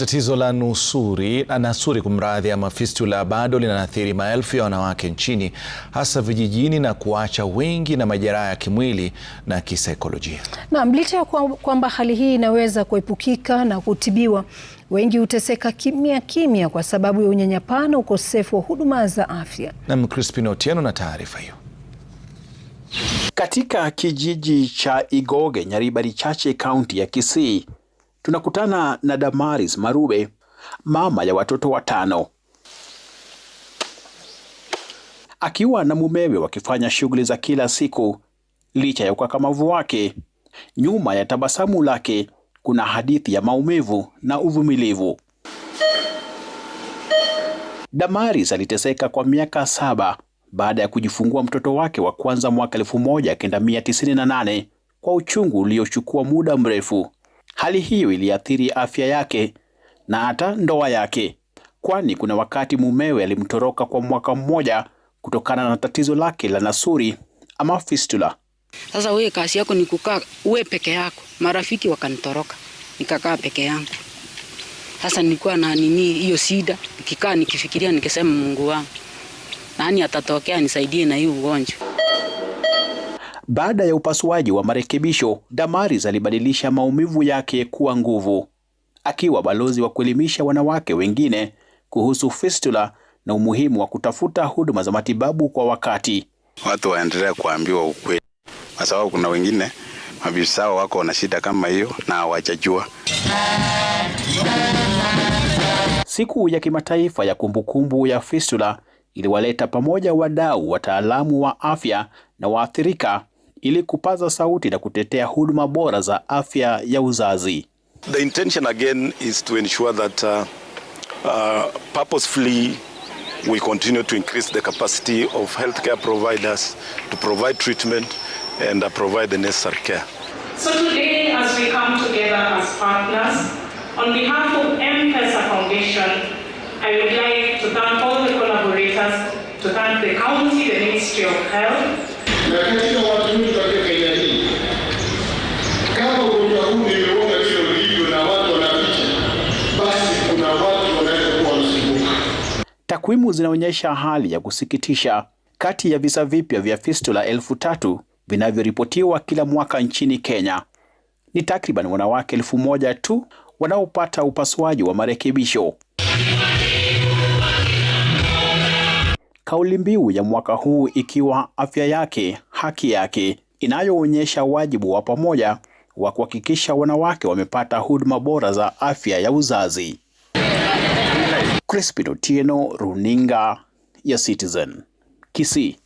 Tatizo la nusuri na nasuri kumradhi, ama fistula bado linaathiri maelfu ya wanawake nchini hasa vijijini na kuacha wengi na majeraha ya kimwili na kisaikolojia. Naam, licha ya kwamba hali hii inaweza kuepukika na kutibiwa, wengi huteseka kimya kimya kwa sababu ya unyanyapaa na ukosefu wa huduma za afya. Nam Crispin Otieno na taarifa hiyo. Katika kijiji cha Igoge, Nyaribari Chache, kaunti ya Kisii tunakutana na Damaris Marube, mama ya watoto watano, akiwa na mumewe wakifanya shughuli za kila siku. Licha ya ukakamavu wake, nyuma ya tabasamu lake kuna hadithi ya maumivu na uvumilivu. Damaris aliteseka kwa miaka saba baada ya kujifungua mtoto wake wa kwanza mwaka 1998 kwa uchungu uliochukua muda mrefu. Hali hiyo iliathiri afya yake na hata ndoa yake, kwani kuna wakati mumewe alimtoroka kwa mwaka mmoja kutokana na tatizo lake la nasuri ama fistula. Sasa wewe kazi yako ni kukaa uwe peke yako, marafiki wakanitoroka, nikakaa peke yangu. Sasa nilikuwa na nini hiyo sida, nikikaa nikifikiria, nikisema Mungu wangu, nani atatokea nisaidie na hii ugonjwa baada ya upasuaji wa marekebisho, Damaris alibadilisha maumivu yake kuwa nguvu, akiwa balozi wa kuelimisha wanawake wengine kuhusu fistula na umuhimu wa kutafuta huduma za matibabu kwa wakati. Watu waendelea kuambiwa ukweli, kwa sababu kuna wengine mabisa wako na shida kama hiyo na hawajajua. Siku ya kimataifa ya kumbukumbu ya fistula iliwaleta pamoja wadau, wataalamu wa afya na waathirika ili kupaza sauti na kutetea huduma bora za afya ya uzazi. The intention again is to ensure that uh, uh, purposefully we continue to increase the capacity of healthcare providers to provide treatment and uh, provide the necessary care. So today as we come together as partners on behalf of M-Pesa Foundation I would like to thank all the collaborators to thank the county the Ministry of Health Takwimu zinaonyesha hali ya kusikitisha. Kati ya visa vipya vya fistula elfu tatu vinavyoripotiwa kila mwaka nchini Kenya, ni takriban wanawake elfu moja tu wanaopata upasuaji wa marekebisho. Kauli mbiu ya mwaka huu ikiwa afya yake haki yake, inayoonyesha wajibu wa pamoja wa kuhakikisha wanawake wamepata huduma bora za afya ya uzazi. Crispin Otieno, runinga ya Citizen, Kisii.